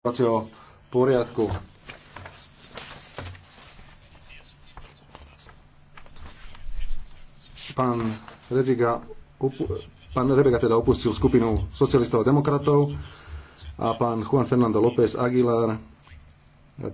rokovacieho poriadku. Pán, Reziga, pán Rebega teda opustil skupinu socialistov a demokratov a pán Juan Fernando López Aguilar